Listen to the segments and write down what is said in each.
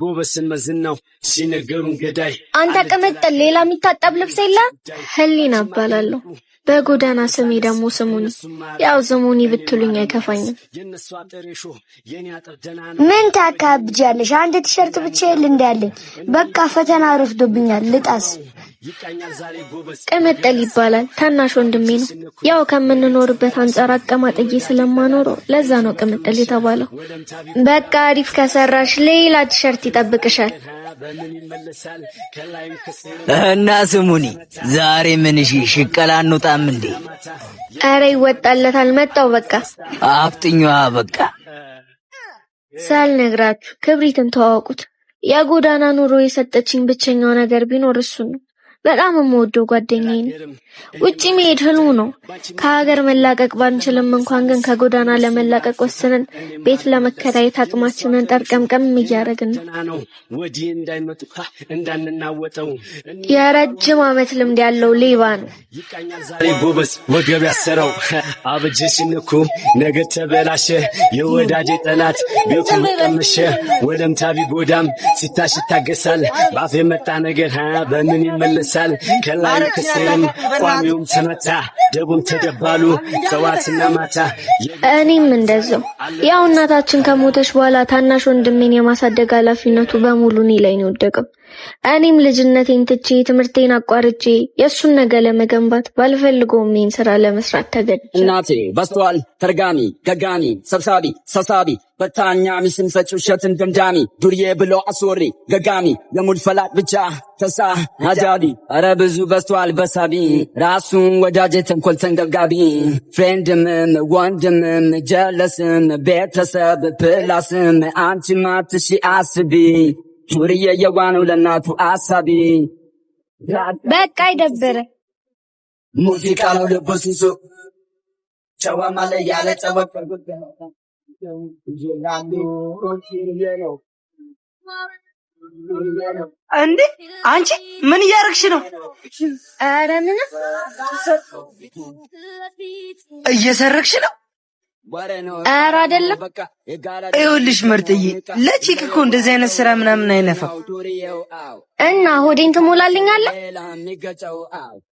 ጎበስን መዝናው ሲነገሩ ገዳይ አንተ ቅምጥል፣ ሌላ የሚታጠብ ልብስ የለ። ህሊና እባላለሁ። በጎዳና ስሜ ደግሞ ስሙኒ። ያው ስሙኒ ብትሉኝ አይከፋኝም። ምን ታካብጃለሽ? አንድ ቲሸርት ብቻ የለ እንዳያለኝ። በቃ ፈተና ረፍዶብኛል ልጣስ ቀመጠል ይባላል። ታናሽ ወንድሜ ነው። ያው ከምንኖርበት አንጻር አቀማጥዬ ስለማኖረው ለዛ ነው ቅምጥል የተባለው። በቃ አሪፍ ከሰራሽ ሌላ ቲሸርት ይጠብቅሻል። እና ስሙኒ ዛሬ ምን እሺ ሽቀላ እንውጣም እንዴ? አረ ይወጣለታል። መጣው በቃ አፍጥኛ። በቃ ሳልነግራችሁ ክብሪትን ተዋወቁት። የጎዳና ኑሮ የሰጠችኝ ብቸኛው ነገር ቢኖር እሱ ነው። በጣም የምወደው ጓደኛዬ ነው። ውጪ መሄድ ህልሙ ነው። ከሀገር መላቀቅ ባንችልም እንኳን ግን ከጎዳና ለመላቀቅ ወስነን ቤት ለመከራየት አቅማችንን ጠርቀምቀም እያደረግን ነው። ወዲህ እንዳይመጡ እንዳንናወጠው የረጅም ዓመት ልምድ ያለው ሌባ ነው። ዛሬ ጎበዝ ወገብ ያሰረው አበጀሽን ሲንኩ ነገ ተበላሸ። የወዳጅ ጠላት ቤቱ ቀመሸ። ወለምታ ቢጎዳም ሲታሽ ይታገሳል። በአፍ የመጣ ነገር በምን ይመለስ ይደርሳል። ከላይ ክስም ቋሚውም ተመታ፣ ደቡም ተደባሉ ጠዋትና ማታ። እኔም እንደዛው ያው እናታችን ከሞተች በኋላ ታናሽ ወንድሜን የማሳደግ ኃላፊነቱ በሙሉ እኔ ላይ ነው የወደቀው። እኔም ልጅነቴን ትቼ ትምህርቴን አቋርጬ የእሱን ነገር ለመገንባት ባልፈልገውም ይህን ስራ ለመስራት ተገድ እናቴ በስተዋል ተርጋሚ፣ ገጋሚ፣ ሰብሳቢ፣ ሰሳቢ፣ በታኛ ሚስም ሰጭ ውሸትን ደምዳሚ ዱርዬ ብሎ አስወሪ ገጋሚ የሙድ ፈላጭ ብቻ ተሳ አጃቢ ኧረ ብዙ በስተዋል በሳቢ ራሱን ወዳጄ ተንኮል ተንገብጋቢ ፍሬንድምም ወንድምም ጀለስም ቤተሰብ ፕላስም አንቺ ማትሺ አስቢ ሱርዬ እየጓነው ለእናቱ አሳቢ በቃ ይደብር ሙዚቃ ነው ልቡ ሲሱ ጨዋማ ላይ ያለ ጨወቅ እንዴ አንቺ ምን እያረግሽ ነው? ኧረ ምንም እየሰረግሽ ነው። ኧረ አይደለም። ይኸውልሽ ምርጥዬ፣ ለቺክ እኮ እንደዚህ አይነት ስራ ምናምን አይነፋም። እና ሆዴን ትሞላልኛለህ?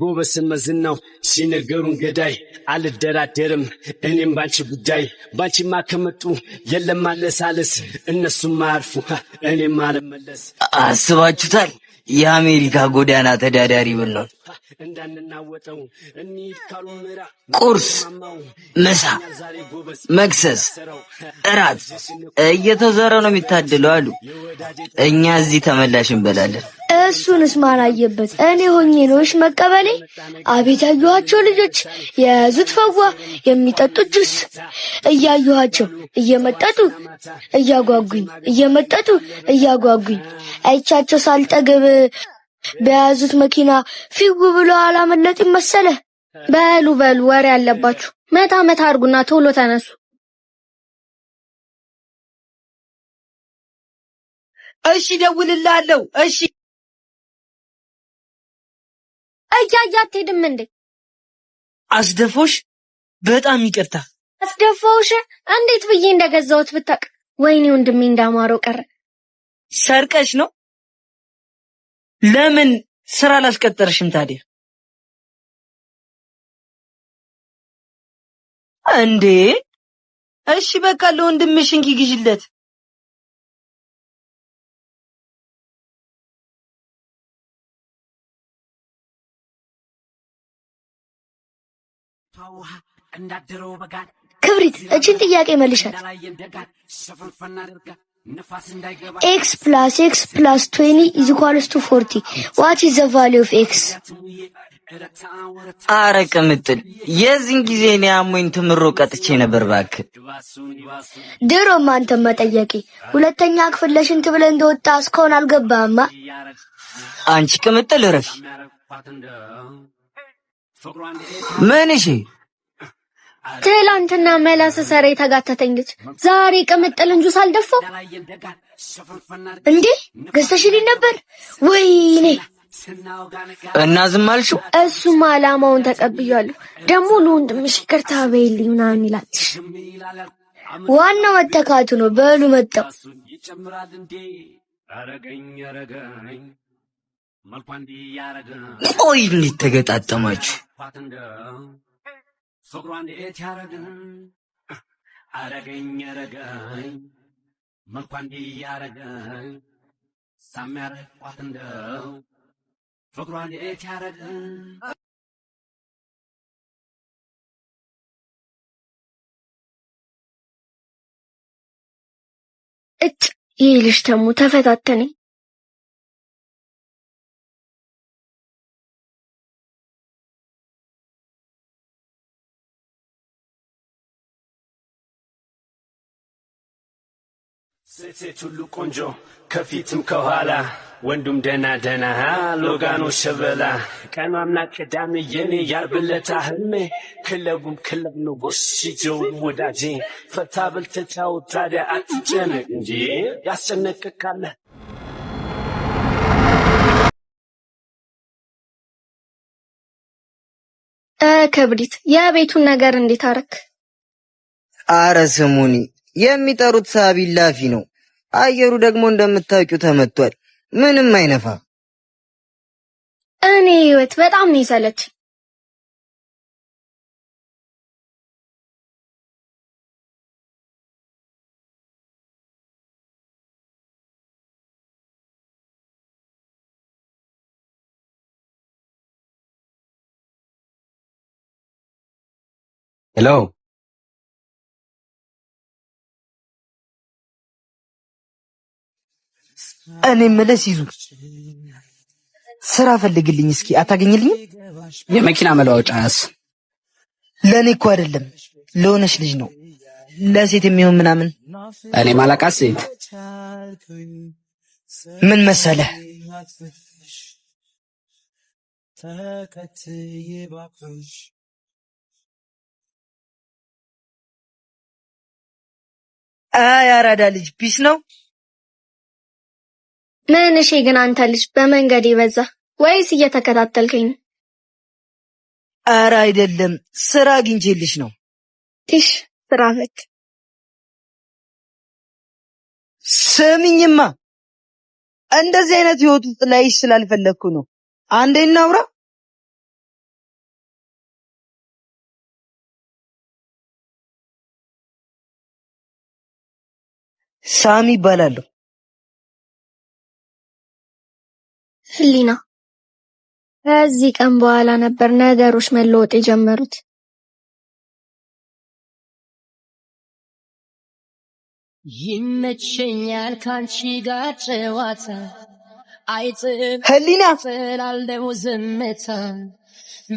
ጎበስን መዝናው ሲነገሩን ገዳይ አልደራደርም እኔም ባንቺ ጉዳይ ባንቺማ ከመጡ የለም ማለሳለስ እነሱም አያርፉ እኔም አልመለስ አስባችሁታል። የአሜሪካ ጎዳና ተዳዳሪ ብንሆን ቁርስ፣ ምሳ፣ መክሰስ፣ እራት እየተዘረ ነው የሚታደለው አሉ። እኛ እዚህ ተመላሽ እንበላለን። እሱንስ ማን አየበት? እኔ ሆኜ ነውሽ መቀበሌ። አቤት ያየኋቸው ልጆች የያዙት ፈዋ፣ የሚጠጡት ጁስ እያየኋቸው እየመጠጡ እያጓጉኝ እየመጠጡ እያጓጉኝ አይቻቸው ሳልጠግብ በያዙት መኪና ፊው ብሎ አላመለጥ መሰለ። በሉ በሉ ወሬ ያለባችሁ መታ መታ አድርጉና ቶሎ ተነሱ። እሺ ደውልላለሁ። እሺ እያያ አትሄድም እንዴ? አስደፎሽ በጣም ይቅርታ። አስደፎሽ እንዴት ብዬ እንደገዛሁት ብታውቅ። ወይኔ ወንድሜ እንዳማረው ቀረ። ሰርቀሽ ነው ለምን ስራ አላስቀጠርሽም ታዲያ? እንዴ እሺ በቃ ለወንድምሽ እንኪ ግዥለት ክብሪት እችን ጥያቄ መልሻት ኤክስ ፕላስ ኤክስ ፕላስ ትዌኒ ኢዝ ቱ ፎርቲ ዋት ኢዝ ዘ ቫሊዩ ኦፍ ኤክስ? አረ ቅምጥል የዚህን ጊዜ እኔ አሞኝ ትምሮ ቀጥቼ ነበር። እባክህ ድሮም አንተም መጠየቄ ሁለተኛ ክፍል ለሽንት ብለ እንደወጣ እስካሁን አልገባህማ። አንቺ ቅምጥል እረፊ። ምን እሺ ትላንትና መላስ ሰረ የተጋተተኝ ልጅ ዛሬ ቅምጥል እንጁ ሳልደፋው እንዴ ገዝተሽልኝ ነበር። ወይኔ እና ዝም አልሽው? እሱም አላማውን ተቀብያለሁ። ደግሞ ለወንድምሽ ይቅርታ በይልኝ ምናምን ይላል። ዋና መተካቱ ነው። በሉ መጣው ቆይ እንዴት ተገጣጠማችሁ? ፍቅሯ እንዴት ያረገኝ አረገኝ ያረገኝ መልኳ እንዲያረገኝ ሳሚያረቋት እንደው ፍቅሯ እንዴት ያረገኝ እጭ ይህ ልጅ ደግሞ ተፈታተኔ ሴት ሴት ሁሉ ቆንጆ ከፊትም ከኋላ ወንዱም ደና ደና ሎጋኖ ሸበላ ቀኗምና ቅዳሜ የኔ ያርብለታ ህልሜ ክለቡም ክለብ ነው ጎሽጀውም ወዳጄ ፈታ ብል ታዲያ አትጨነቅ እንጂ ያስጨነቅካለ ከብዲት የቤቱን ነገር እንዴት አረክ? አረ ስሙኒ የሚጠሩት ሳቢ ላፊ ነው። አየሩ ደግሞ እንደምታውቂው ተመቷል። ምንም አይነፋ። እኔ ህይወት በጣም ነው የሰለች ሄሎ እኔ መለስ ይዙ ስራ ፈልግልኝ እስኪ፣ አታገኝልኝም? የመኪና መለዋወጫስ ለእኔ እኮ አይደለም ለሆነች ልጅ ነው፣ ለሴት የሚሆን ምናምን። እኔ ማላቃት ሴት ምን መሰለህ አይ አራዳ ልጅ ፒስ ነው። ምን እሺ፣ ግን አንተ ልጅ በመንገድ ይበዛ ወይስ እየተከታተልከኝ? ኧረ አይደለም፣ ስራ አግኝቼልሽ ነው። ትሽ ስራ ፈት ስምኝማ፣ እንደዚህ አይነት ህይወት ውስጥ ላይሽ ስላልፈለግኩ ነው። አንዴ እናውራ። ሳሚ ይባላለሁ። ህሊና ከዚህ ቀን በኋላ ነበር ነገሮች መለወጥ የጀመሩት። ይመቸኛል ካንቺ ጋር ጨዋታ አይጥም ህሊና ስላልደው ዝምታ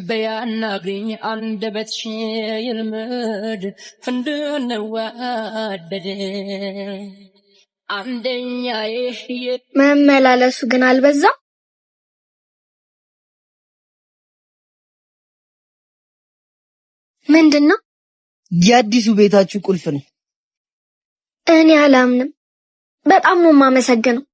በያናግኝ አንደበትሽ ይልመድ እንድንዋደድ አንደኛ መመላለሱ ግን አልበዛም። ምንድን ነው? የአዲሱ ቤታችሁ ቁልፍ ነው። እኔ አላምንም። በጣም ነው የማመሰግነው።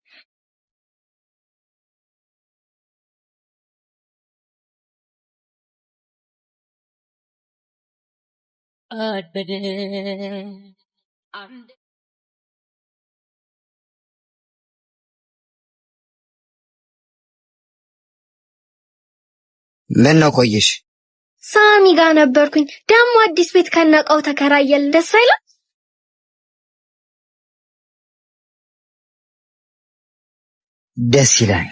ምን ነው ቆየሽ? ሳሚ ጋር ነበርኩኝ። ደግሞ አዲስ ቤት ከነቀው ተከራየል። ደስ አይለ ደስ ይላል።